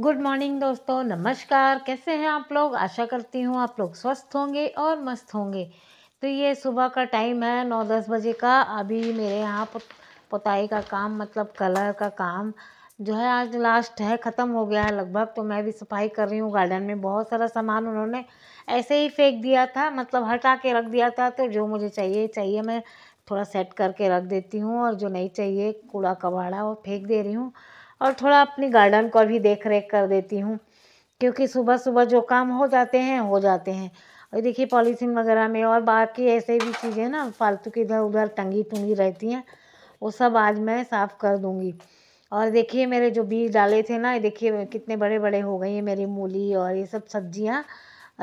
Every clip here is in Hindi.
गुड मॉर्निंग दोस्तों नमस्कार कैसे हैं आप लोग आशा करती हूँ आप लोग स्वस्थ होंगे और मस्त होंगे तो ये सुबह का टाइम है नौ दस बजे का अभी मेरे यहाँ पोताई का काम मतलब कलर का काम जो है आज लास्ट है ख़त्म हो गया है लगभग तो मैं भी सफाई कर रही हूँ गार्डन में बहुत सारा सामान उन्होंने ऐसे ही फेंक दिया था मतलब हटा के रख दिया था तो जो मुझे चाहिए चाहिए मैं थोड़ा सेट करके रख देती हूँ और जो नहीं चाहिए कूड़ा कबाड़ा वो फेंक दे रही हूँ और थोड़ा अपनी गार्डन को भी देख रेख कर देती हूँ क्योंकि सुबह सुबह जो काम हो जाते हैं हो जाते हैं और देखिए पॉलीथीन वगैरह में और बाकी ऐसे भी चीज़ें ना फालतू की इधर उधर टंगी टूंगी रहती हैं वो सब आज मैं साफ़ कर दूँगी और देखिए मेरे जो बीज डाले थे ना ये देखिए कितने बड़े बड़े हो गए हैं मेरी मूली और ये सब सब्जियाँ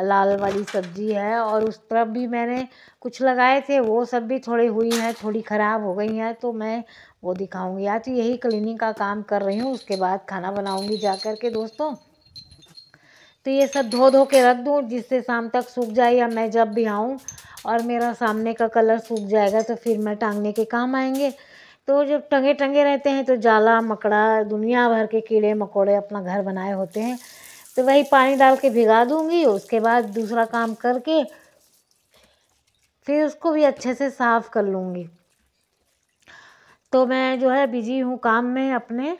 लाल वाली सब्जी है और उस तरफ भी मैंने कुछ लगाए थे वो सब भी थोड़ी हुई हैं थोड़ी ख़राब हो गई हैं तो मैं वो दिखाऊंगी आज तो यही क्लीनिंग का काम कर रही हूँ उसके बाद खाना बनाऊंगी जा कर के दोस्तों तो ये सब धो धो के रख दूँ जिससे शाम तक सूख जाए या मैं जब भी आऊँ और मेरा सामने का कलर सूख जाएगा तो फिर मैं टांगने के काम आएँगे तो जब टंगे टंगे रहते हैं तो जाला मकड़ा दुनिया भर के कीड़े मकोड़े अपना घर बनाए होते हैं तो वही पानी डाल के भिगा दूंगी उसके बाद दूसरा काम करके फिर उसको भी अच्छे से साफ़ कर लूँगी तो मैं जो है बिजी हूँ काम में अपने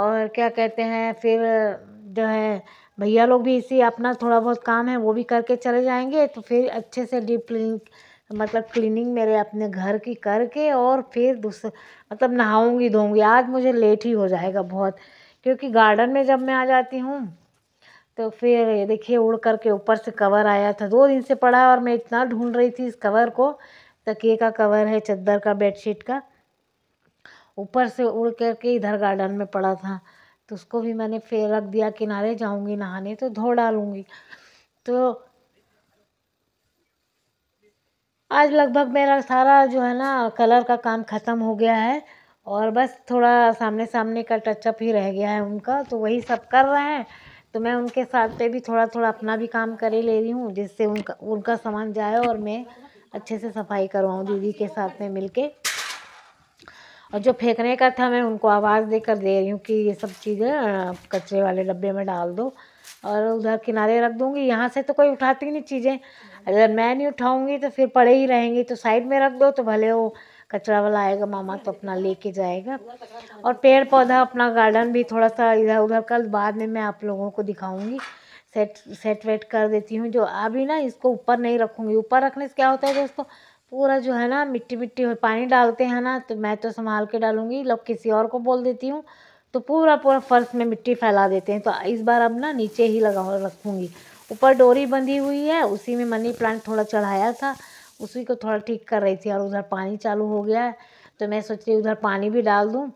और क्या कहते हैं फिर जो है भैया लोग भी इसी अपना थोड़ा बहुत काम है वो भी करके चले जाएंगे तो फिर अच्छे से डीप क्लिनिंग मतलब क्लीनिंग मेरे अपने घर की करके और फिर दूसरे मतलब नहाऊंगी धोऊंगी आज मुझे लेट ही हो जाएगा बहुत क्योंकि गार्डन में जब मैं आ जाती हूँ तो फिर ये देखिए उड़ कर के ऊपर से कवर आया था दो दिन से पड़ा और मैं इतना ढूंढ रही थी इस कवर को तकिए का कवर है चद्दर का बेडशीट का ऊपर से उड़ कर के इधर गार्डन में पड़ा था तो उसको भी मैंने फिर रख दिया किनारे जाऊंगी नहाने तो धो डालूंगी तो आज लगभग मेरा सारा जो है ना कलर का काम ख़त्म हो गया है और बस थोड़ा सामने सामने का टचअप ही रह गया है उनका तो वही सब कर रहे हैं तो मैं उनके साथ पे भी थोड़ा थोड़ा अपना भी काम कर ले रही हूँ जिससे उनका उनका सामान जाए और मैं अच्छे से सफाई करवाऊँ दीदी के साथ में मिल के और जो फेंकने का था मैं उनको आवाज़ देकर दे रही हूँ कि ये सब चीज़ें कचरे वाले डब्बे में डाल दो और उधर किनारे रख दूँगी यहाँ से तो कोई उठाती नहीं चीज़ें अगर मैं नहीं उठाऊँगी तो फिर पड़े ही रहेंगी तो साइड में रख दो तो भले वो कचरा वाला आएगा मामा तो अपना लेके जाएगा और पेड़ पौधा अपना गार्डन भी थोड़ा सा इधर उधर कल बाद में मैं आप लोगों को दिखाऊंगी सेट सेट वेट कर देती हूँ जो अभी ना इसको ऊपर नहीं रखूँगी ऊपर रखने से क्या होता है दोस्तों पूरा जो है ना मिट्टी मिट्टी पानी डालते हैं ना तो मैं तो संभाल के डालूँगी लोग किसी और को बोल देती हूँ तो पूरा पूरा फर्श में मिट्टी फैला देते हैं तो इस बार अब ना नीचे ही लगा रखूँगी ऊपर डोरी बंधी हुई है उसी में मनी प्लांट थोड़ा चढ़ाया था उसी को थोड़ा ठीक कर रही थी और उधर पानी चालू हो गया तो मैं सोच रही उधर पानी भी डाल दूँ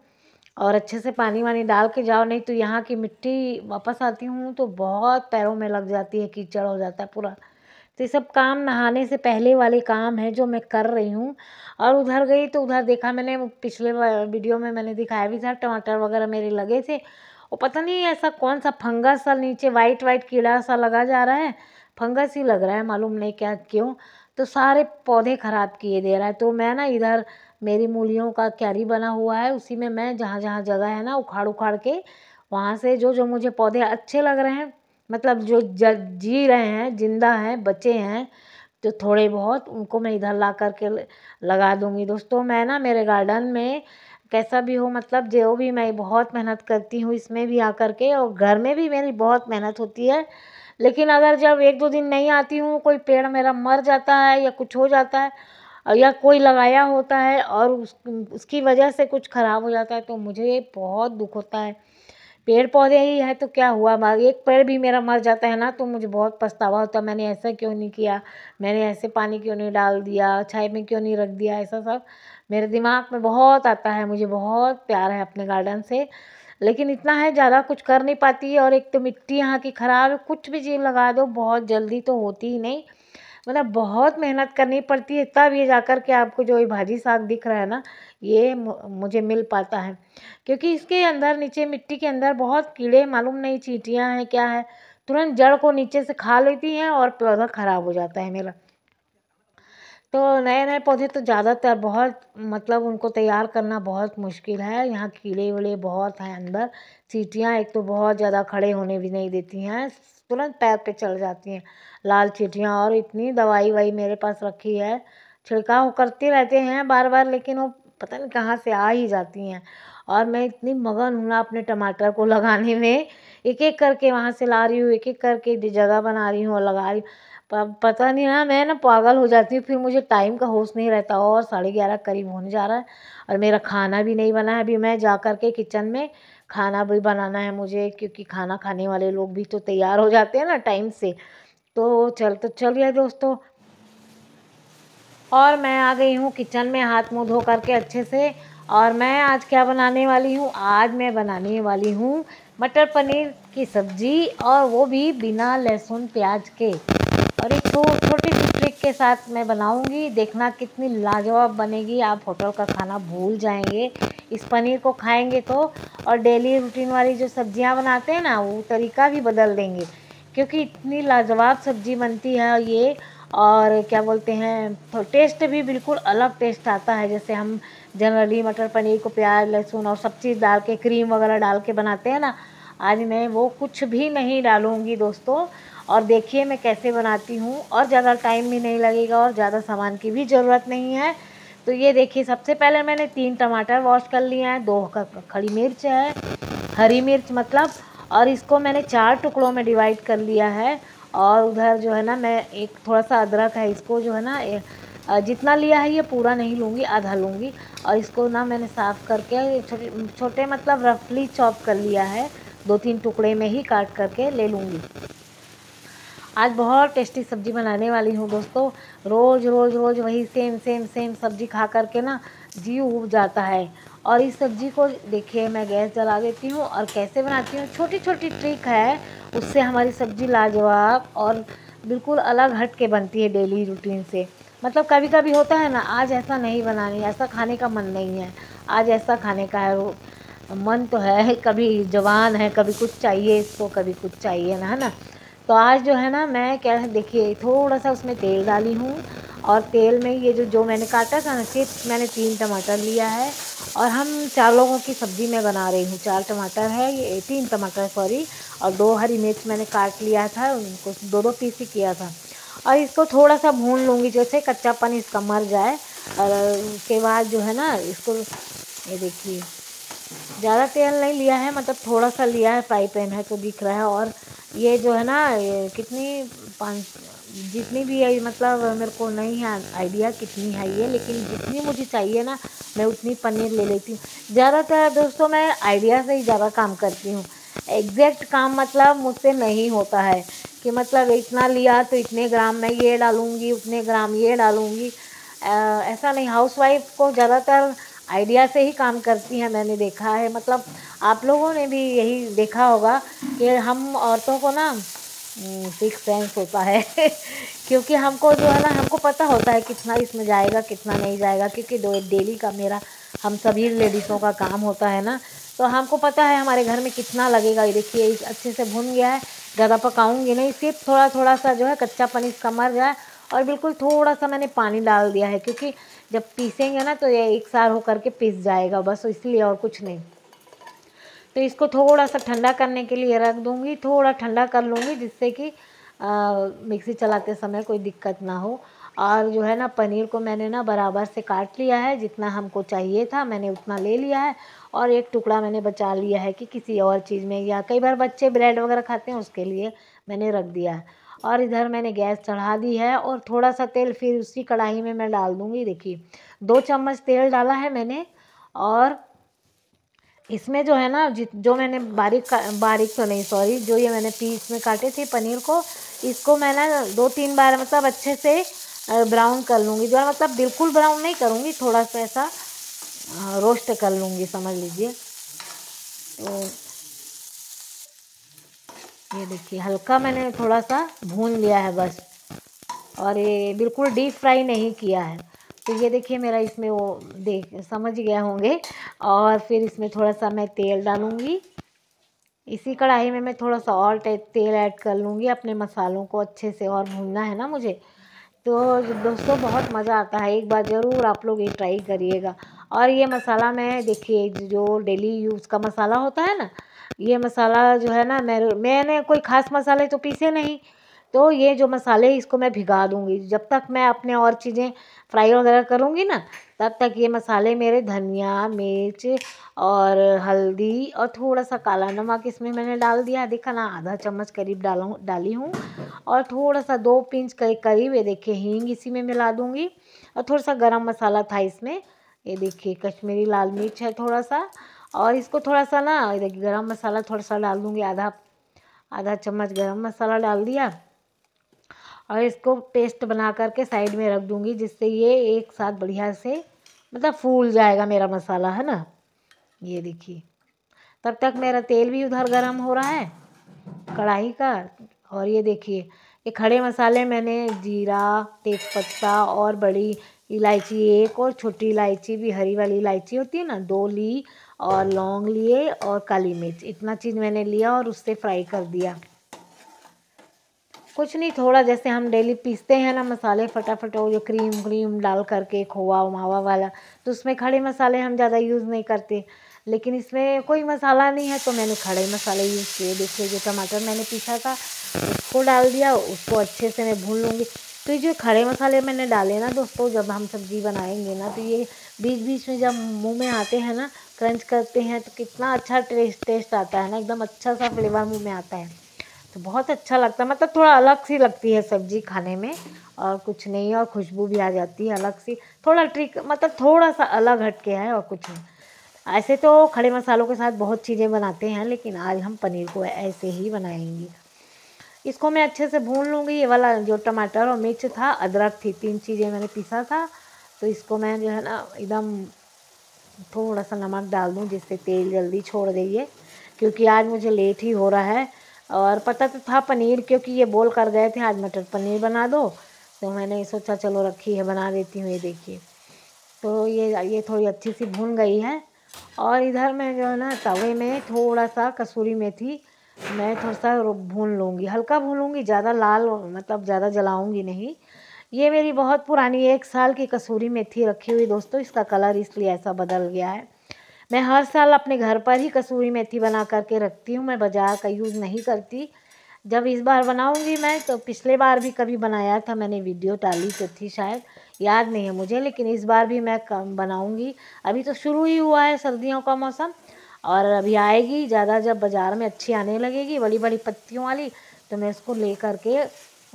और अच्छे से पानी वानी डाल के जाओ नहीं तो यहाँ की मिट्टी वापस आती हूँ तो बहुत पैरों में लग जाती है कीचड़ हो जाता है पूरा तो ये सब काम नहाने से पहले वाले काम है जो मैं कर रही हूँ और उधर गई तो उधर देखा मैंने पिछले वीडियो में मैंने दिखाया भी था टमाटर वगैरह मेरे लगे थे और पता नहीं ऐसा कौन सा फंगस सा नीचे वाइट वाइट कीड़ा सा लगा जा रहा है फंगस ही लग रहा है मालूम नहीं क्या क्यों तो सारे पौधे ख़राब किए दे रहा है तो मैं ना इधर मेरी मूलियों का क्यारी बना हुआ है उसी में मैं जहाँ जहाँ जगह है ना उखाड़ उखाड़ के वहाँ से जो जो मुझे पौधे अच्छे लग रहे हैं मतलब जो जी रहे हैं जिंदा हैं बचे हैं तो थोड़े बहुत उनको मैं इधर ला करके लगा दूँगी दोस्तों मैं ना मेरे गार्डन में कैसा भी हो मतलब जो भी मैं बहुत मेहनत करती हूँ इसमें भी आ कर के और घर में भी मेरी बहुत मेहनत होती है लेकिन अगर जब एक दो दिन नहीं आती हूँ कोई पेड़ मेरा मर जाता है या कुछ हो जाता है या कोई लगाया होता है और उस उसकी वजह से कुछ ख़राब हो जाता है तो मुझे बहुत दुख होता है पेड़ पौधे ही है तो क्या हुआ एक पेड़ भी मेरा मर जाता है ना तो मुझे बहुत पछतावा होता है मैंने ऐसा क्यों नहीं किया मैंने ऐसे पानी क्यों नहीं डाल दिया छाई में क्यों नहीं रख दिया ऐसा सब मेरे दिमाग में बहुत आता है मुझे बहुत प्यार है अपने गार्डन से लेकिन इतना है ज़्यादा कुछ कर नहीं पाती है और एक तो मिट्टी यहाँ की ख़राब है कुछ भी चीज़ लगा दो बहुत जल्दी तो होती ही नहीं मतलब बहुत मेहनत करनी पड़ती है तब ये जाकर के आपको जो ये भाजी साग दिख रहा है ना ये मुझे मिल पाता है क्योंकि इसके अंदर नीचे मिट्टी के अंदर बहुत कीड़े मालूम नहीं चीटियाँ हैं क्या है तुरंत जड़ को नीचे से खा लेती हैं और पौधा ख़राब हो जाता है मेरा तो नए नए पौधे तो ज़्यादातर बहुत मतलब उनको तैयार करना बहुत मुश्किल है यहाँ कीड़े वीड़े बहुत हैं अंदर चीटियाँ एक तो बहुत ज़्यादा खड़े होने भी नहीं देती हैं तुरंत पैर पे चल जाती हैं लाल चीटियाँ और इतनी दवाई वाई मेरे पास रखी है छिड़काव करते रहते हैं बार बार लेकिन वो पता नहीं कहाँ से आ ही जाती हैं और मैं इतनी मगन हूँ ना अपने टमाटर को लगाने में एक एक करके वहाँ से ला रही हूँ एक एक करके जगह बना रही हूँ और लगा रही हूँ पता नहीं ना मैं ना पागल हो जाती हूँ फिर मुझे टाइम का होश नहीं रहता और साढ़े ग्यारह करीब होने जा रहा है और मेरा खाना भी नहीं बना है अभी मैं जा कर के किचन में खाना भी बनाना है मुझे क्योंकि खाना खाने वाले लोग भी तो तैयार हो जाते हैं ना टाइम से तो चल तो चल गया दोस्तों और मैं आ गई हूँ किचन में हाथ मुँह धो के अच्छे से और मैं आज क्या बनाने वाली हूँ आज मैं बनाने वाली हूँ मटर पनीर की सब्ज़ी और वो भी बिना लहसुन प्याज के तो छोटी सी ट्रिक के साथ मैं बनाऊंगी देखना कितनी लाजवाब बनेगी आप होटल का खाना भूल जाएंगे इस पनीर को खाएंगे तो और डेली रूटीन वाली जो सब्जियां बनाते हैं ना वो तरीका भी बदल देंगे क्योंकि इतनी लाजवाब सब्जी बनती है ये और क्या बोलते हैं तो टेस्ट भी बिल्कुल अलग टेस्ट आता है जैसे हम जनरली मटर पनीर को प्याज लहसुन और सब चीज़ डाल के क्रीम वगैरह डाल के बनाते हैं ना आज मैं वो कुछ भी नहीं डालूँगी दोस्तों और देखिए मैं कैसे बनाती हूँ और ज़्यादा टाइम भी नहीं लगेगा और ज़्यादा सामान की भी ज़रूरत नहीं है तो ये देखिए सबसे पहले मैंने तीन टमाटर वॉश कर लिए हैं दो खड़ी मिर्च है हरी मिर्च मतलब और इसको मैंने चार टुकड़ों में डिवाइड कर लिया है और उधर जो है ना मैं एक थोड़ा सा अदरक है इसको जो है ना जितना लिया है ये पूरा नहीं लूँगी आधा लूँगी और इसको ना मैंने साफ़ करके छोटे छोटे मतलब रफली चॉप कर लिया है दो तीन टुकड़े में ही काट करके ले लूँगी आज बहुत टेस्टी सब्ज़ी बनाने वाली हूँ दोस्तों रोज़ रोज़ रोज़ वही सेम सेम सेम सब्ज़ी खा करके ना जी उब जाता है और इस सब्ज़ी को देखिए मैं गैस जला देती हूँ और कैसे बनाती हूँ छोटी छोटी ट्रिक है उससे हमारी सब्ज़ी लाजवाब और बिल्कुल अलग हट के बनती है डेली रूटीन से मतलब कभी कभी होता है ना आज ऐसा नहीं बनानी ऐसा खाने का मन नहीं है आज ऐसा खाने का है मन तो है कभी जवान है कभी कुछ चाहिए इसको कभी कुछ चाहिए ना है ना तो आज जो है ना मैं क्या देखिए थोड़ा सा उसमें तेल डाली हूँ और तेल में ये जो जो मैंने काटा था ना सिर्फ मैंने तीन टमाटर लिया है और हम चार लोगों की सब्ज़ी मैं बना रही हूँ चार टमाटर है ये तीन टमाटर सॉरी और दो हरी मिर्च मैंने काट लिया था उनको दो दो पीस ही किया था और इसको थोड़ा सा भून लूँगी जैसे कच्चापन इसका मर जाए और उसके बाद जो है ना इसको ये देखिए ज़्यादा तेल नहीं लिया है मतलब थोड़ा सा लिया है फ्राई पैन है तो दिख रहा है और ये जो है ना ये कितनी पाँच जितनी भी है मतलब मेरे को नहीं है आइडिया कितनी है ये लेकिन जितनी मुझे चाहिए ना मैं उतनी पनीर ले लेती हूँ ज़्यादातर दोस्तों मैं आइडिया से ही ज़्यादा काम करती हूँ एग्जैक्ट काम मतलब मुझसे नहीं होता है कि मतलब इतना लिया तो इतने ग्राम मैं ये डालूँगी उतने ग्राम ये डालूँगी ऐसा नहीं हाउसवाइफ को ज़्यादातर आइडिया से ही काम करती हैं मैंने देखा है मतलब आप लोगों ने भी यही देखा होगा कि हम औरतों को ना सिक्स सेंस होता है क्योंकि हमको जो है ना हमको पता होता है कितना इसमें जाएगा कितना नहीं जाएगा क्योंकि डेली का मेरा हम सभी लेडीज़ों का काम होता है ना तो हमको पता है हमारे घर में कितना लगेगा ये देखिए अच्छे से भुन गया है ज़्यादा पकाऊंगी नहीं सिर्फ थोड़ा थोड़ा सा जो है कच्चा पन इसका मर जाए और बिल्कुल थोड़ा सा मैंने पानी डाल दिया है क्योंकि जब पीसेंगे ना तो ये एक सार होकर के पीस जाएगा बस इसलिए और कुछ नहीं तो इसको थोड़ा सा ठंडा करने के लिए रख दूँगी थोड़ा ठंडा कर लूँगी जिससे कि मिक्सी चलाते समय कोई दिक्कत ना हो और जो है ना पनीर को मैंने ना बराबर से काट लिया है जितना हमको चाहिए था मैंने उतना ले लिया है और एक टुकड़ा मैंने बचा लिया है कि किसी और चीज़ में या कई बार बच्चे ब्रेड वगैरह खाते हैं उसके लिए मैंने रख दिया है और इधर मैंने गैस चढ़ा दी है और थोड़ा सा तेल फिर उसी कढ़ाई में मैं डाल दूँगी देखिए दो चम्मच तेल डाला है मैंने और इसमें जो है ना जो मैंने बारीक बारीक तो नहीं सॉरी जो ये मैंने पीस में काटे थे पनीर को इसको मैं ना दो तीन बार मतलब अच्छे से ब्राउन कर लूँगी जो मतलब बिल्कुल ब्राउन नहीं करूँगी थोड़ा सा ऐसा रोस्ट कर लूँगी समझ लीजिए तो ये देखिए हल्का मैंने थोड़ा सा भून लिया है बस और ये बिल्कुल डीप फ्राई नहीं किया है तो ये देखिए मेरा इसमें वो देख समझ गया होंगे और फिर इसमें थोड़ा सा मैं तेल डालूँगी इसी कढ़ाई में मैं थोड़ा सा और तेल ऐड कर लूँगी अपने मसालों को अच्छे से और भूनना है ना मुझे तो दोस्तों बहुत मज़ा आता है एक बार ज़रूर आप लोग ये ट्राई करिएगा और ये मसाला मैं देखिए जो डेली यूज़ का मसाला होता है ना ये मसाला जो है ना मैं मैंने कोई ख़ास मसाले तो पीसे नहीं तो ये जो मसाले इसको मैं भिगा दूँगी जब तक मैं अपने और चीज़ें फ्राई वगैरह करूँगी ना तब तक ये मसाले मेरे धनिया मिर्च और हल्दी और थोड़ा सा काला नमक इसमें मैंने डाल दिया देखा ना आधा चम्मच करीब डाल डाली हूँ और थोड़ा सा दो पिंच करीब ये देखिए हींग इसी में मिला दूँगी और थोड़ा सा गर्म मसाला था इसमें ये देखिए कश्मीरी लाल मिर्च है थोड़ा सा और इसको थोड़ा सा ना देखिए गरम मसाला थोड़ा सा डाल दूँगी आधा आधा चम्मच गरम मसाला डाल दिया और इसको पेस्ट बना करके साइड में रख दूँगी जिससे ये एक साथ बढ़िया से मतलब फूल जाएगा मेरा मसाला है ना ये देखिए तब तक मेरा तेल भी उधर गर्म हो रहा है कढ़ाई का और ये देखिए ये खड़े मसाले मैंने जीरा तेज़पत्ता और बड़ी इलायची एक और छोटी इलायची भी हरी वाली इलायची होती है ना दो ली और लौंग लिए और काली मिर्च इतना चीज़ मैंने लिया और उससे फ्राई कर दिया कुछ नहीं थोड़ा जैसे हम डेली पीसते हैं ना मसाले फटाफट वो जो क्रीम क्रीम डाल करके खोवा मावा वाला तो उसमें खड़े मसाले हम ज़्यादा यूज़ नहीं करते लेकिन इसमें कोई मसाला नहीं है तो मैंने खड़े मसाले यूज़ किए देखिए जो टमाटर मैंने पीसा था उसको डाल दिया उसको अच्छे से मैं भून लूँगी तो ये जो खड़े मसाले मैंने डाले ना दोस्तों जब हम सब्ज़ी बनाएंगे ना तो ये बीच बीच में जब मुंह में आते हैं ना क्रंच करते हैं तो कितना अच्छा टेस्ट टेस्ट आता है ना एकदम अच्छा सा फ्लेवर मुंह में आता है तो बहुत अच्छा लगता है मतलब थोड़ा अलग सी लगती है सब्जी खाने में और कुछ नहीं और खुशबू भी आ जाती है अलग सी थोड़ा ट्रिक मतलब थोड़ा सा अलग हटके है और कुछ नहीं ऐसे तो खड़े मसालों के साथ बहुत चीज़ें बनाते हैं लेकिन आज हम पनीर को ऐसे ही बनाएंगे इसको मैं अच्छे से भून लूँगी ये वाला जो टमाटर और मिर्च था अदरक थी तीन चीज़ें मैंने पीसा था तो इसको मैं जो है ना एकदम थोड़ा सा नमक डाल दूँ जिससे तेल जल्दी छोड़ देगी क्योंकि आज मुझे लेट ही हो रहा है और पता तो था पनीर क्योंकि ये बोल कर गए थे आज मटर पनीर बना दो तो मैंने सोचा चलो रखी है बना देती हूँ ये देखिए तो ये ये थोड़ी अच्छी सी भून गई है और इधर मैं जो है ना तवे में थोड़ा सा कसूरी मेथी मैं थोड़ा सा भून लूँगी हल्का भून लूँगी ज़्यादा लाल मतलब ज़्यादा जलाऊँगी नहीं ये मेरी बहुत पुरानी एक साल की कसूरी मेथी रखी हुई दोस्तों इसका कलर इसलिए ऐसा बदल गया है मैं हर साल अपने घर पर ही कसूरी मेथी बना करके रखती हूँ मैं बाज़ार का यूज़ नहीं करती जब इस बार बनाऊंगी मैं तो पिछले बार भी कभी बनाया था मैंने वीडियो डाली तो थी शायद याद नहीं है मुझे लेकिन इस बार भी मैं कम बनाऊंगी अभी तो शुरू ही हुआ है सर्दियों का मौसम और अभी आएगी ज़्यादा जब बाज़ार में अच्छी आने लगेगी बड़ी बड़ी पत्तियों वाली तो मैं इसको ले करके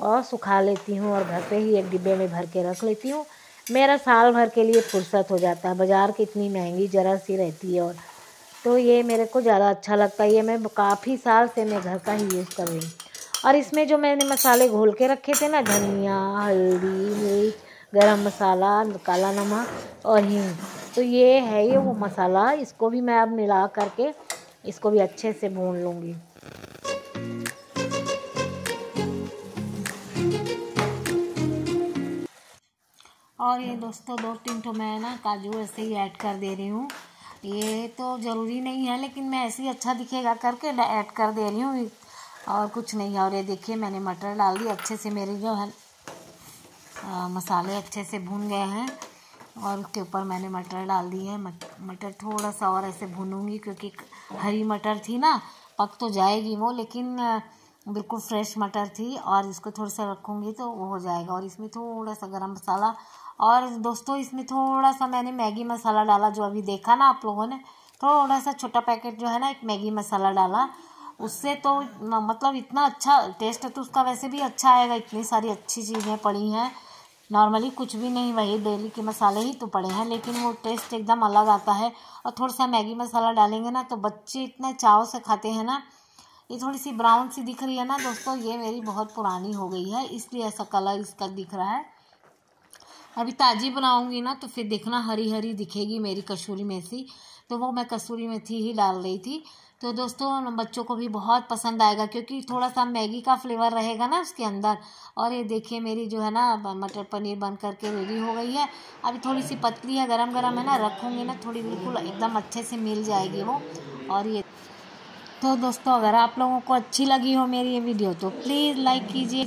और सुखा लेती हूँ और घर पे ही एक डिब्बे में भर के रख लेती हूँ मेरा साल भर के लिए फुर्सत हो जाता है बाज़ार की इतनी महंगी ज़रा सी रहती है और तो ये मेरे को ज़्यादा अच्छा लगता है ये मैं काफ़ी साल से मैं घर का ही यूज़ कर रही हूँ और इसमें जो मैंने मसाले घोल के रखे थे ना धनिया हल्दी मिर्च गरम मसाला काला नमक और हिंग तो ये है ये वो मसाला इसको भी मैं अब मिला करके इसको भी अच्छे से भून लूँगी और ये दोस्तों दो तीन तो मैं ना काजू ऐसे ही ऐड कर दे रही हूँ ये तो ज़रूरी नहीं है लेकिन मैं ऐसे ही अच्छा दिखेगा करके ऐड कर दे रही हूँ और कुछ नहीं है और ये देखिए मैंने मटर डाल दी अच्छे से मेरे जो है आ, मसाले अच्छे से भून गए हैं और उसके ऊपर मैंने मटर डाल दी है मट, मटर थोड़ा सा और ऐसे भूनूंगी क्योंकि हरी मटर थी ना पक तो जाएगी वो लेकिन बिल्कुल फ्रेश मटर थी और इसको थोड़ा सा रखूँगी तो वो हो जाएगा और इसमें थोड़ा सा गरम मसाला और दोस्तों इसमें थोड़ा सा मैंने मैगी मसाला डाला जो अभी देखा ना आप लोगों ने थोड़ा सा छोटा पैकेट जो है ना एक मैगी मसाला डाला उससे तो मतलब इतना अच्छा टेस्ट है तो उसका वैसे भी अच्छा आएगा इतनी सारी अच्छी चीज़ें पड़ी हैं नॉर्मली कुछ भी नहीं वही डेली के मसाले ही तो पड़े हैं लेकिन वो टेस्ट एकदम अलग आता है और थोड़ा सा मैगी मसाला डालेंगे ना तो बच्चे इतने चाव से खाते हैं ना ये थोड़ी सी ब्राउन सी दिख रही है ना दोस्तों ये मेरी बहुत पुरानी हो गई है इसलिए ऐसा कलर इसका दिख रहा है अभी ताज़ी बनाऊंगी ना तो फिर देखना हरी हरी दिखेगी मेरी कसूरी मेथी तो वो मैं कसूरी मेथी ही डाल रही थी तो दोस्तों बच्चों को भी बहुत पसंद आएगा क्योंकि थोड़ा सा मैगी का फ्लेवर रहेगा ना उसके अंदर और ये देखिए मेरी जो है ना मटर पनीर बन करके रेडी हो गई है अभी थोड़ी सी पतली है गरम गरम है ना रखूँगी ना थोड़ी बिल्कुल एकदम अच्छे से मिल जाएगी वो और ये तो दोस्तों अगर आप लोगों को अच्छी लगी हो मेरी ये वीडियो तो प्लीज़ लाइक कीजिए